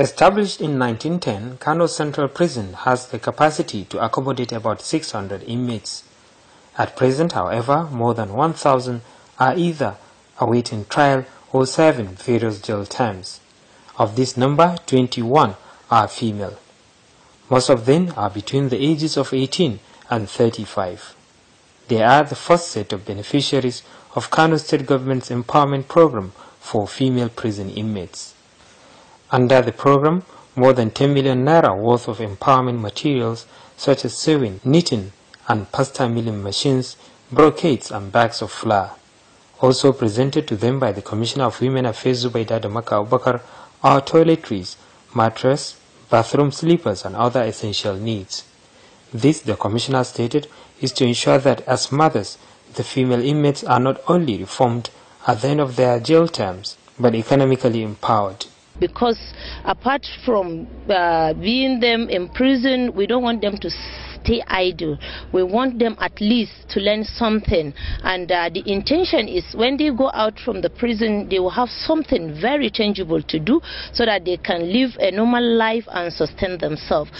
Established in 1910, Kano Central Prison has the capacity to accommodate about 600 inmates. At present, however, more than 1,000 are either awaiting trial or serving various jail terms. Of this number, 21 are female. Most of them are between the ages of 18 and 35. They are the first set of beneficiaries of Kano State Government's Empowerment Program for female prison inmates. Under the program, more than 10 million naira worth of empowerment materials such as sewing, knitting, and pasta milling machines, brocades, and bags of flour. Also presented to them by the Commissioner of Women Affairs Zubaida Damaka Abubakar are toiletries, mattress, bathroom slippers, and other essential needs. This, the Commissioner stated, is to ensure that as mothers, the female inmates are not only reformed at the end of their jail terms, but economically empowered because apart from uh, being them in prison, we don't want them to stay idle. We want them at least to learn something. And uh, the intention is when they go out from the prison, they will have something very tangible to do so that they can live a normal life and sustain themselves.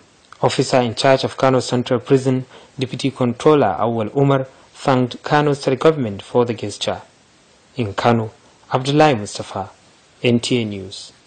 Officer in charge of Kano Central Prison, Deputy Controller Awal Umar, thanked Kano State Government for the gesture. In Kano, Abdullahi Mustafa, NTA News.